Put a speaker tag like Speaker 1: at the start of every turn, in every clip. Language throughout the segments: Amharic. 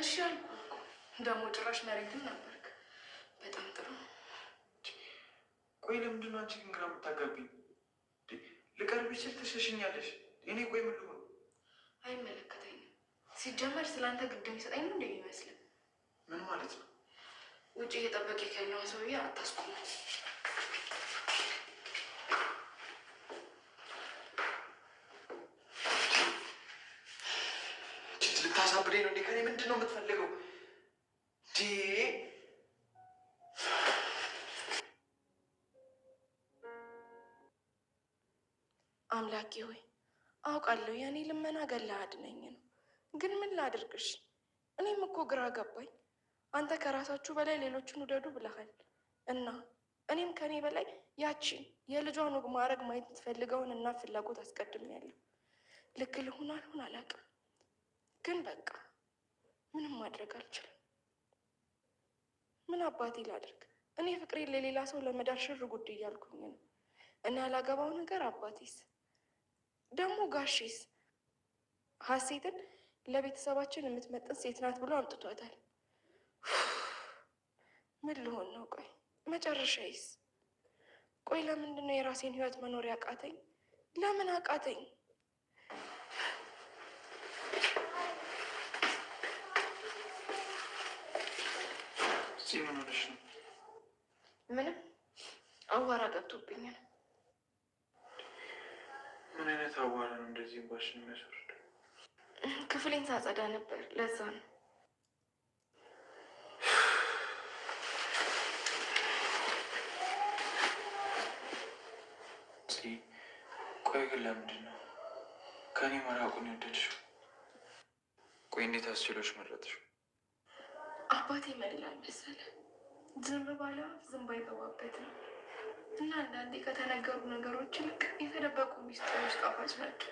Speaker 1: እሺ አልኩ። ደግሞ ጭራሽ መሬትም ነበርክ። በጣም ጥሩ።
Speaker 2: ቆይ ለምንድን ነው አንቺ ግን ግራ የምታጋቢኝ? ልቀርብሽ ስል ትሸሽኛለሽ። እኔ ቆይ ምን ልሆን?
Speaker 1: አይመለከተኝም። ሲጀመር ስለአንተ ግድ የሚሰጠኝ ነው እንደ
Speaker 2: ይመስልም። ምን ማለት ነው?
Speaker 1: ውጭ እየጠበቀ ያለውን ሰውዬ አታስቆመው። ነው የምትፈልገው? አምላኬ ሆይ አውቃለሁ የእኔ ልመና ገላ አድነኝ ነው። ግን ምን ላድርግሽ? እኔም እኮ ግራ ገባኝ። አንተ ከራሳችሁ በላይ ሌሎችን ውደዱ ብለሃል እና እኔም ከኔ በላይ ያቺን የልጇን ወግ ማድረግ ማየት የምትፈልገውን እና ፍላጎት አስቀድሜያለሁ። ልክ ልሁን አልሁን አላውቅም፣ ግን በቃ ምንም ማድረግ አልችልም። ምን አባቴ ላድርግ? እኔ ፍቅሬን ለሌላ ሰው ለመዳር ሽር ጉድ እያልኩኝ ነው። እና ያላገባው ነገር አባቴስ ደግሞ ጋሼስ ሀሴትን ለቤተሰባችን የምትመጥን ሴት ናት ብሎ አምጥቷታል። ምን ልሆን ነው? ቆይ መጨረሻዬስ? ቆይ ለምንድን ነው የራሴን ህይወት መኖር ያቃተኝ? ለምን አቃተኝ? ምንም አዋራ ገብቶብኝ ነው።
Speaker 2: ምን አይነት አዋራ ነው እንደዚህ ባሽን የሚያስወርድ?
Speaker 1: ክፍሌን ሳጸዳ ነበር፣ ለዛ ነው።
Speaker 2: ቆይ ግን ለምንድን ነው ከእኔ መራቁን የወደድሽው? ቆይ እንዴት አስችሎሽ መረጥሽው?
Speaker 1: አባቴ ይመላል መሰለ ዝም ባለ ዝም ባይገባበት ነው። እና አንዳንዴ ከተነገሩ ነገሮች ይልቅ የተደበቁ ሚስጥሮች ጣፋጭ ናቸው።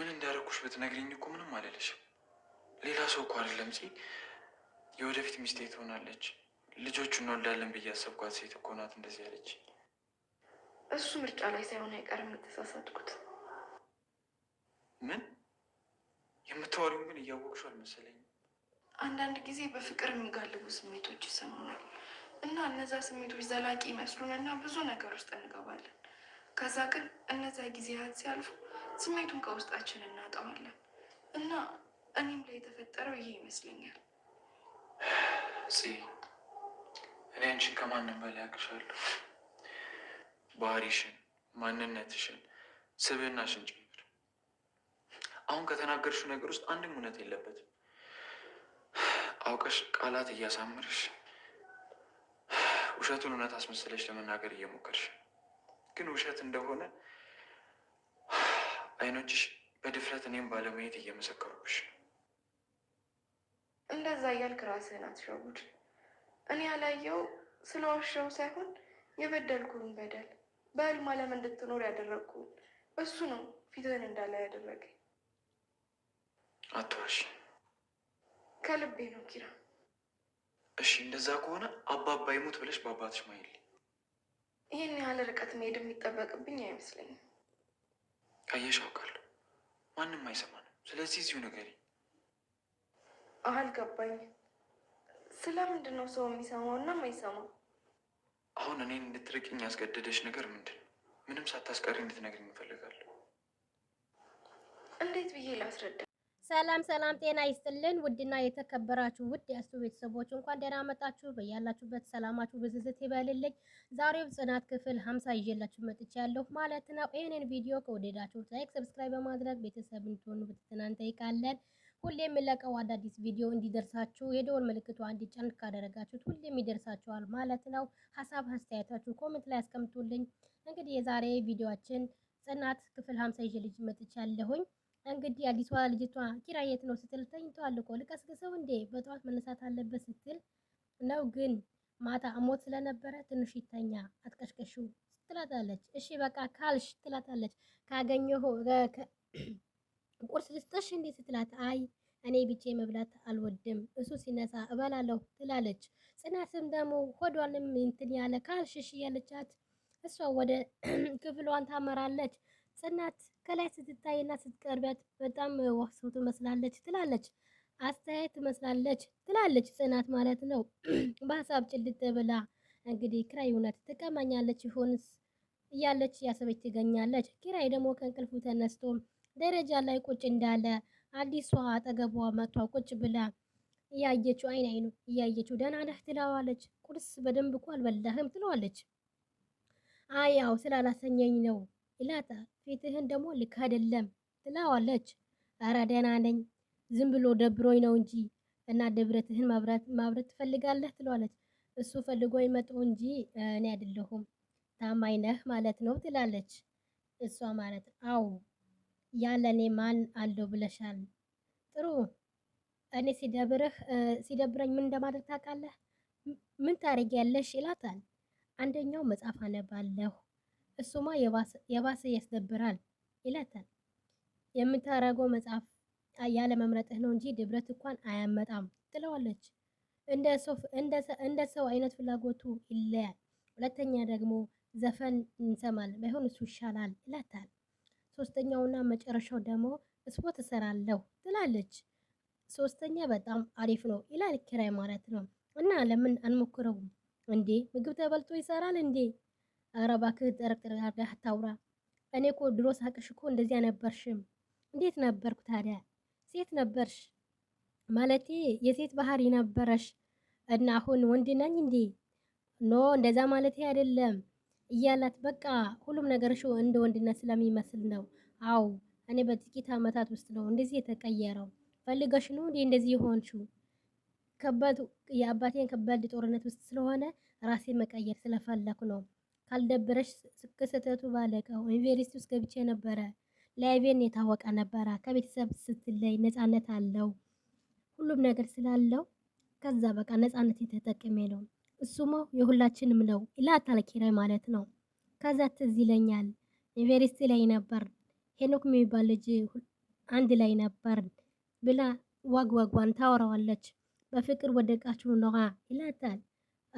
Speaker 2: ምን እንዳደረኩሽ ብትነግሪኝ እኮ ምንም አልልሽም። ሌላ ሰው እኮ አይደለም ጽ የወደፊት ሚስቴ ትሆናለች፣ ልጆቹ እንወልዳለን ብዬ አሰብኳት ሴት እኮ ናት እንደዚህ ያለች።
Speaker 1: እሱ ምርጫ ላይ ሳይሆን አይቀርም የተሳሳትኩት።
Speaker 2: ምን የምታወሪውን ግን እያወቅሽው አልመሰለኝም
Speaker 1: አንዳንድ ጊዜ በፍቅር የሚጋልቡ ስሜቶች ይሰማሉ እና እነዛ ስሜቶች ዘላቂ ይመስሉን እና ብዙ ነገር ውስጥ እንገባለን። ከዛ ግን እነዛ ጊዜያት ሲያልፉ ስሜቱን ከውስጣችን እናጠዋለን እና እኔም ላይ የተፈጠረው ይሄ ይመስለኛል።
Speaker 2: እኔ አንቺን ከማንም በላይ አቅሻለሁ። ባህሪሽን፣ ማንነትሽን፣ ስብዕናሽን ጭምር። አሁን ከተናገርሽው ነገር ውስጥ አንድም እውነት የለበትም። አውቀሽ ቃላት እያሳምርሽ ውሸቱን እውነት አስመስለሽ ለመናገር እየሞከርሽ ግን ውሸት እንደሆነ አይኖችሽ በድፍረት እኔም ባለማየት እየመሰከሩብሽ።
Speaker 1: እንደዛ እያልክ ራስህን አትሸውድ። እኔ ያላየው ስለዋሸው ሳይሆን የበደልኩን በደል በህልም ዓለም እንድትኖር ያደረግኩ እሱ ነው ፊትህን እንዳለ ያደረገ። አትዋሽ። ከልቤ ነው ኪራ።
Speaker 2: እሺ እንደዛ ከሆነ አባባ ይሙት ብለሽ በአባትሽ ማይል
Speaker 1: ይህን ያህል ርቀት መሄድ የሚጠበቅብኝ አይመስለኝም።
Speaker 2: አየሽ አውቃለሁ፣ ማንም አይሰማንም። ስለዚህ እዚሁ ነገር
Speaker 1: አልገባኝም። ስለምንድን ነው ሰው የሚሰማው እና የማይሰማው?
Speaker 2: አሁን እኔን እንድትርቅኝ ያስገደደች ነገር ምንድን ነው? ምንም ሳታስቀሪ እንድትነግሪኝ እፈልጋለሁ።
Speaker 1: እንዴት ብዬ
Speaker 3: ላስረዳ? ሰላም ሰላም፣ ጤና ይስጥልን ውድና የተከበራችሁ ውድ የእሱ ቤተሰቦች እንኳን ደህና መጣችሁ። በያላችሁበት ሰላማችሁ ብዝዝት ይበልልኝ። ዛሬው ጽናት ክፍል ሀምሳ ይዤላችሁ መጥቻለሁ ማለት ነው። ይህንን ቪዲዮ ከወደዳችሁት ላይክ፣ ሰብስክራይብ በማድረግ ቤተሰብ እንድትሆኑ ብትትናን እንጠይቃለን። ሁሌ የምለቀው አዳዲስ ቪዲዮ እንዲደርሳችሁ የደወል ምልክቱ እንዲጫን ካደረጋችሁት ሁሌም ይደርሳችኋል ማለት ነው። ሀሳብ አስተያየታችሁ ኮሜንት ላይ አስቀምጡልኝ። እንግዲህ የዛሬ ቪዲዮአችን ጽናት ክፍል ሀምሳ ይዤ ልጅ መጥቻለሁኝ እንግዲህ አዲሷ ልጅቷ ኪራ የት ነው ስትል ተኝተዋል እኮ ልቀስቅሰው እንዴ በጠዋት መነሳት አለበት ስትል ነው ግን ማታ እሞት ስለነበረ ትንሽ ይተኛ አትቀሽቀሹ ትላታለች። እሺ በቃ ካልሽ ትላታለች። ካገኘሁ ቁርስ ልስጥሽ እንዴ ስትላት አይ እኔ ብቼ መብላት አልወድም እሱ ሲነሳ እበላለሁ ትላለች። ጽናትም ደግሞ ሆዷንም እንትን ያለ ካልሽሽ ያለቻት እሷ ወደ ክፍሏን ታመራለች። ጽናት ከላይ ስትታይና ስትቀርበት በጣም ወፍሶ ትመስላለች ትላለች፣ አስተያየት ትመስላለች ትላለች ጽናት ማለት ነው። በሀሳብ ጭልጥ ብላ እንግዲህ ክራይ እውነት ትቀማኛለች ይሆንስ እያለች እያሰበች ትገኛለች። ኪራይ ደግሞ ከእንቅልፉ ተነስቶ ደረጃ ላይ ቁጭ እንዳለ አዲሷ አጠገቧ መቷ ቁጭ ብላ እያየችው አይን አይኑ እያየችው ደህና ነህ ትለዋለች። ቁርስ በደንብ እኮ አልበላህም ትለዋለች። አያው ስላላሰኘኝ ነው ይላታል። ፊትህን ደግሞ ልክ አይደለም ትላዋለች። አረ ደህና ነኝ፣ ዝም ብሎ ደብሮኝ ነው እንጂ እና ድብረትህን ማብረት ትፈልጋለህ ትለዋለች። እሱ ፈልጎ ይመጡ እንጂ እኔ አይደለሁም። ታማኝ ነህ ማለት ነው ትላለች። እሷ ማለት አዎ፣ ያለ እኔ ማን አለው ብለሻል። ጥሩ እኔ ሲደብርህ ሲደብረኝ ምን እንደማድረግ ታውቃለህ? ምን ታደርጊያለሽ? ይላታል። አንደኛው መጽሐፍ አነባለሁ እሱማ የባሰ ያስደብራል ይላታል። የምታረገው መጽሐፍ ያለ መምረጥህ ነው እንጂ ድብረት እንኳን አያመጣም ትለዋለች። እንደ ሰው አይነት ፍላጎቱ ይለያል። ሁለተኛ ደግሞ ዘፈን እንሰማል ባይሆን እሱ ይሻላል ይላታል። ሶስተኛውና መጨረሻው ደግሞ ስፖርት እሰራለሁ ትላለች። ሶስተኛ በጣም አሪፍ ነው ይላል ኪራይ ማለት ነው። እና ለምን አንሞክረውም እንዴ? ምግብ ተበልቶ ይሰራል እንዴ? ኧረ እባክህ ጠረቅ ጠረቅ አድርገህ አታውራ። እኔ እኮ ድሮ ሳቅሽ እኮ እንደዚህ ነበርሽም። እንዴት ነበርኩ ታዲያ? ሴት ነበርሽ ማለቴ የሴት ባህሪ ነበረሽ። እና አሁን ወንድ ነኝ እንዴ? ኖ እንደዛ ማለቴ አይደለም እያላት በቃ ሁሉም ነገርሽ እንደ ወንድነት ስለሚመስል ነው። አው እኔ በጥቂት ዓመታት ውስጥ ነው እንደዚህ የተቀየረው። ፈልገሽ ነው እንዴ እንደዚህ የሆንሽው? ከባድ የአባቴን ከባድ ጦርነት ውስጥ ስለሆነ ራሴ መቀየር ስለፈለኩ ነው። ካልደበረሽ ከስህተቱ ባለቀው ዩኒቨርሲቲ ውስጥ ገብቼ ነበረ። ላይቤን የታወቀ ነበረ። ከቤተሰብ ስትለይ ነፃነት አለው ሁሉም ነገር ስላለው ከዛ በቃ ነፃነት የተጠቀሜ ነው። እሱማ የሁላችንም ነው ይላታል ኪራይ ማለት ነው። ከዛ ትዝ ይለኛል ዩኒቨርሲቲ ላይ ነበር ሄኖክ የሚባል ልጅ አንድ ላይ ነበር ብላ ዋግ ዋጓን ታወራዋለች። በፍቅር ወደቃችሁ ነዋ ይላታል።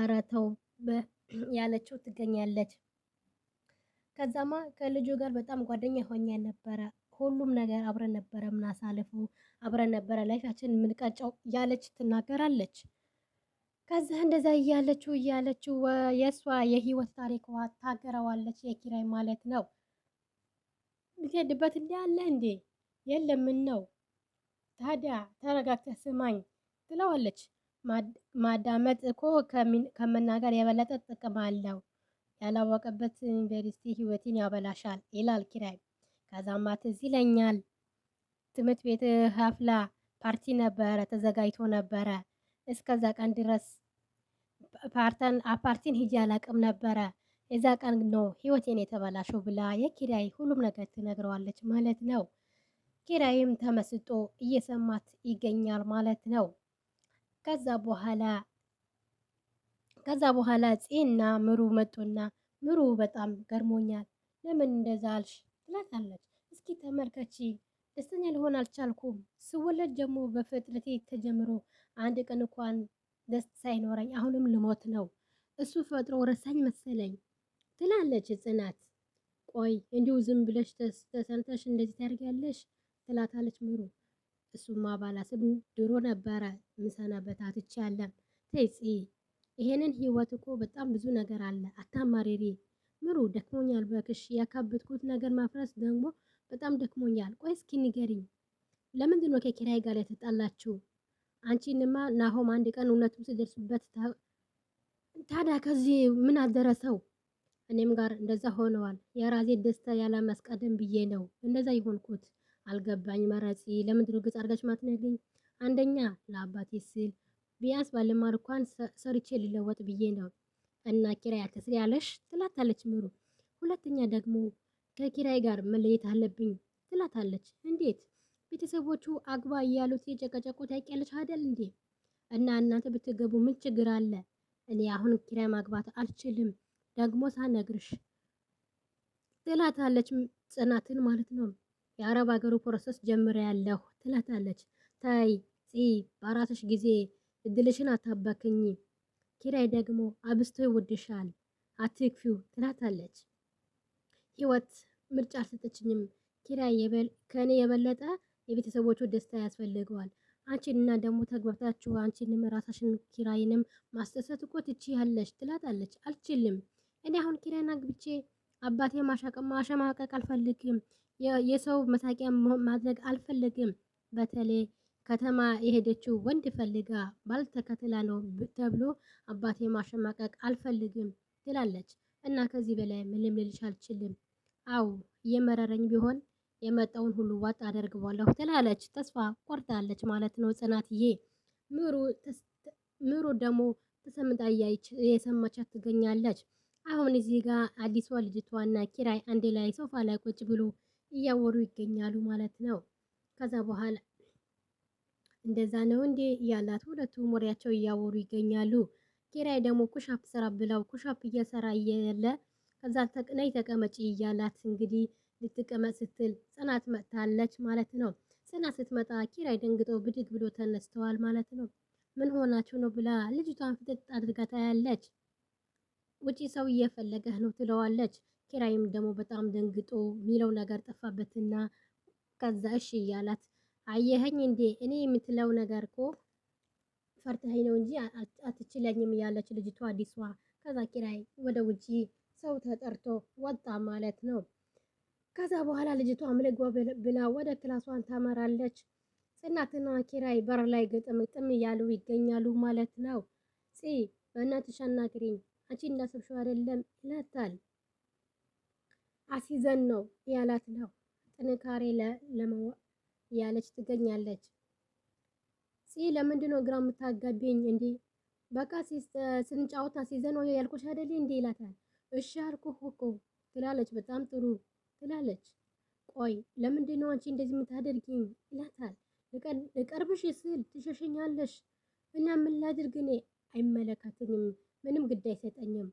Speaker 3: ኧረ ተው ያለችው ትገኛለች። ከዛማ ከልጁ ጋር በጣም ጓደኛ ሆኛ ነበረ። ሁሉም ነገር አብረን ነበረ ምናሳልፉ አብረን ነበረ ላይፋችን ምንቀጫው እያለች ትናገራለች። ከዛ እንደዛ እያለችው እያለችው የእሷ የህይወት ታሪክዋ ታገረዋለች። የኪራይ ማለት ነው ምትሄድበት እንዲ አለ እንዴ የለምን ነው ታዲያ ተረጋግተህ ስማኝ ትለዋለች። ማዳመጥ እኮ ከመናገር የበለጠ ጥቅም አለው። ያላወቀበት ዩኒቨርሲቲ ህይወትን ያበላሻል ይላል ኪራይ። ከዛማ ትዝ ይለኛል ትምህርት ቤት ሀፍላ ፓርቲ ነበረ ተዘጋጅቶ ነበረ። እስከዛ ቀን ድረስ ፓርተን አፓርቲን ሂጅ አላቅም ነበረ። እዛ ቀን ነው ህይወቴን የተበላሸው ብላ የኪራይ ሁሉም ነገር ትነግረዋለች ማለት ነው። ኪራይም ተመስጦ እየሰማት ይገኛል ማለት ነው። ከዛ በኋላ ከዛ በኋላ ምሩ መጡና ምሩ በጣም ገርሞኛል፣ ለምን እንደዛ አልሽ ትላታለች። እስኪ ተመልከቺ፣ ደስተኛ ልሆን አልቻልኩም። ስወለድ ደግሞ በፍጥረቴ ተጀምሮ አንድ ቀን እንኳን ደስት ሳይኖረኝ አሁንም ልሞት ነው። እሱ ፈጥሮ ረሳኝ መሰለኝ ትላለች ጽናት። ቆይ እንዲሁ ዝም ብለሽ ተሰንተሽ እንደዚህ ታደርጊያለሽ? ትላታለች ምሩ እሱማ ባላስብ ድሮ ነበረ ምሰናበት አትቼ አለም ተይጽ ይሄንን ህይወት እኮ በጣም ብዙ ነገር አለ። አታማሬሪ ምሩ ደክሞኛል። በክሽ ያካበትኩት ነገር ማፍረስ ደግሞ በጣም ደክሞኛል። ቆይ እስኪ ንገሪኝ፣ ለምንድን ነው ከኪራይ ጋር የተጣላችሁ? አንቺንማ ናሆም አንድ ቀን እውነቱን ስደርሱበት ታዲያ ከዚህ ምን አደረሰው? እኔም ጋር እንደዛ ሆነዋል። የራዜ ደስታ ያለ ያላማስቀደም ብዬ ነው እንደዛ ይሆንኩት። አልገባኝ መረፂ ለምንድነው ግልጽ አድርጋች ማትነግሪኝ? አንደኛ ለአባቴ ስል ቢያንስ ባለማር እንኳን ሰርቼ ልለወጥ ብዬ ነው እና ኪራይ አትስሪ ያለሽ ትላታለች ምሩ። ሁለተኛ ደግሞ ከኪራይ ጋር መለየት አለብኝ ትላታለች። እንዴት ቤተሰቦቹ አግባ እያሉት የጨቀጨቁት ታውቂያለሽ አይደል እንዴ? እና እናንተ ብትገቡ ምን ችግር አለ? እኔ አሁን ኪራይ ማግባት አልችልም ደግሞ ሳነግርሽ ትላታለች ጽናትን ማለት ነው። የአረብ ሀገሩ ፕሮሰስ ጀምሬያለሁ ትላታለች። ታይ ፂ በራስሽ ጊዜ እድልሽን አታባክኝ። ኪራይ ደግሞ አብስቶ ይወድሻል አትክፊው ትላታለች። ህይወት ምርጫ አልሰጠችኝም። ኪራይ ከእኔ የበለጠ የቤተሰቦቹ ደስታ ያስፈልገዋል። አንቺን እና ደግሞ ተግባብታችሁ አንቺንም ራሳሽን ኪራይንም ማስደሰት እኮ ትችያለሽ ትላታለች። አልችልም እኔ አሁን ኪራይና ግብቼ አባቴ ማሸማቀቅ አልፈልግም። የሰው መሳቂያ ማድረግ አልፈለግም። በተለይ ከተማ የሄደችው ወንድ ፈልጋ ባል ተከትላ ነው ተብሎ አባቴ ማሸማቀቅ አልፈልግም ትላለች። እና ከዚህ በላይ ምንም ልልሽ አልችልም። አው የመረረኝ ቢሆን የመጣውን ሁሉ ዋጥ አደርግባለሁ ትላለች። ተስፋ ቆርጣለች ማለት ነው ጽናትዬ። ምሩ ደግሞ ተሰምጣ የሰማቻት ትገኛለች። አሁን እዚህ ጋር አዲሷ ልጅቷና ኪራይ አንድ ላይ ሶፋ ላይ ቁጭ ብሎ እያወሩ ይገኛሉ ማለት ነው። ከዛ በኋላ እንደዛ ነው እንዴ እያላት ሁለቱም ወሬያቸው እያወሩ ይገኛሉ። ኪራይ ደግሞ ኩሻፕ ስራ ብለው ኩሻፕ እየሰራ እየለ ከዛ ነይ ተቀመጪ እያላት እንግዲህ ልትቀመጥ ስትል ጽናት መጥታለች ማለት ነው። ጽናት ስትመጣ ኪራይ ደንግጦ ብድግ ብሎ ተነስተዋል ማለት ነው። ምን ሆናችሁ ነው ብላ ልጅቷን ፍጥጥ አድርጋ ታያለች። ውጪ ሰው እየፈለገህ ነው ትለዋለች። ኪራይም ደግሞ በጣም ደንግጦ የሚለው ነገር ጠፋበትና ከዛ እሺ እያላት አየኸኝ እንዴ እኔ የምትለው ነገር እኮ ፈርተኸኝ ነው እንጂ አትችለኝም እያለች ልጅቷ አዲሷ። ከዛ ኪራይ ወደ ውጪ ሰው ተጠርቶ ወጣ ማለት ነው። ከዛ በኋላ ልጅቷ ምልጓ ብላ ወደ ክላሷን ታመራለች። ጽናትና ኪራይ በር ላይ ግጥምጥም እያሉ ይገኛሉ ማለት ነው። ጽ በእናትሽ አናግሪኝ አንቺ እንዳሰብሽው አይደለም ይላታል። አሲዘን ነው ያላት ነው ጥንካሬ ለመዋ ያለች ትገኛለች። ፂ ለምንድን ነው ግራ የምታጋቢኝ እንዴ? በቃ ስንጫወት አሲዘን ነው ያልኩሽ አይደል እንዴ ይላታል። እሺ አልኩህ እኮ ትላለች። በጣም ጥሩ ትላለች። ቆይ ለምንድን ነው አንቺ እንደዚህ የምታደርጊኝ ይላታል። ልቀርብሽ ስል ትሸሸኛለሽ እና ምን ላድርግ እኔ አይመለከትኝም፣ ምንም ግድ አይሰጠኝም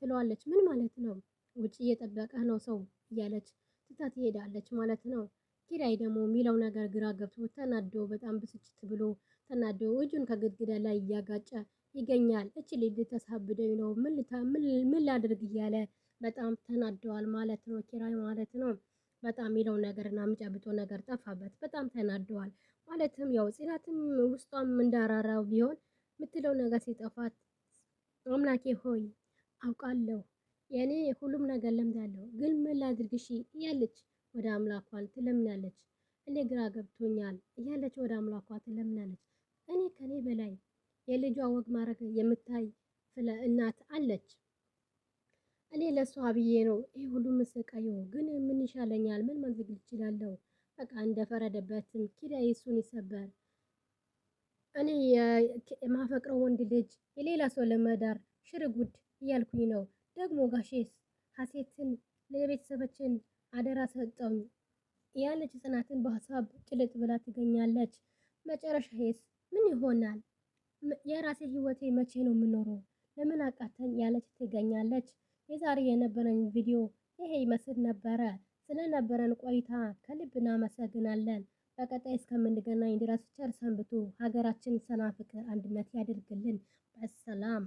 Speaker 3: ትለዋለች። ምን ማለት ነው ውጭ እየጠበቀ ነው ሰው እያለች ትታ ትሄዳለች ማለት ነው። ኪራይ ደግሞ የሚለው ነገር ግራ ገብቶ ተናዶ በጣም ብስጭት ብሎ ተናዶ እጁን ከግድግዳ ላይ እያጋጨ ይገኛል። እች ልጅ ልታሳብደኝ ነው ምን ላድርግ እያለ በጣም ተናደዋል ማለት ነው። ኪራይ ማለት ነው በጣም የሚለው ነገርና የሚጨብጦ ነገር ጠፋበት። በጣም ተናደዋል ማለትም ያው ጽናትም ውስጧም እንዳራራው ቢሆን የምትለው ነገር ሲጠፋት አምላኬ ሆይ አውቃለሁ የእኔ ሁሉም ነገር ለምዳለሁ፣ ግን ምን ላድርግሽ እያለች ወደ አምላኳን ትለምናለች። እኔ ግራ ገብቶኛል እያለች ወደ አምላኳ ትለምናለች። እኔ ከኔ በላይ የልጇ ወግ ማድረግ የምታይ ስለ እናት አለች። እኔ ለእሷ ብዬ ነው ይህ ሁሉ የምሰቃየው፣ ግን ምን ይሻለኛል? ምን ማድረግ ይችላለሁ? በቃ እንደፈረደበትም ኪዳይ እሱን ይሰበር። እኔ የማፈቅረው ወንድ ልጅ የሌላ ሰው ለመዳር ሽርጉድ እያልኩኝ ነው ደግሞ ጋሼስ ሀሴትን ለቤተሰባችን አደራ ሰጠው ያለች ጽናትን በሀሳብ ጭልጥ ብላ ትገኛለች። ሄስ ምን ይሆናል? የራሴ ህይወቴ መቼ ነው የምኖረው? ለምን አቃተኝ? ያለች ትገኛለች። የዛሬ የነበረኝ ቪዲዮ ይሄ ይመስል ነበረ። ስለነበረን ቆይታ ከልብ እናመሰግናለን። በቀጣይ እስከምንገናኝ ድረስ ቸር ሰንብቱ። ሀገራችን ሰላም፣ ፍቅር፣ አንድነት ያድርግልን። በሰላም